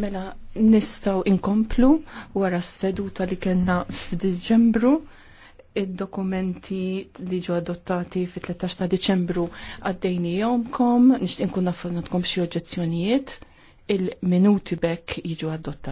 Mela, nistaw inkomplu wara s-seduta li kena f'Diċembru id-dokumenti li ġo adottati fit-13 ta' Diċembru għaddejni jomkom, nishtin kunna f'notkom xie oġezzjonijiet, il-minuti bekk jiġu adottati.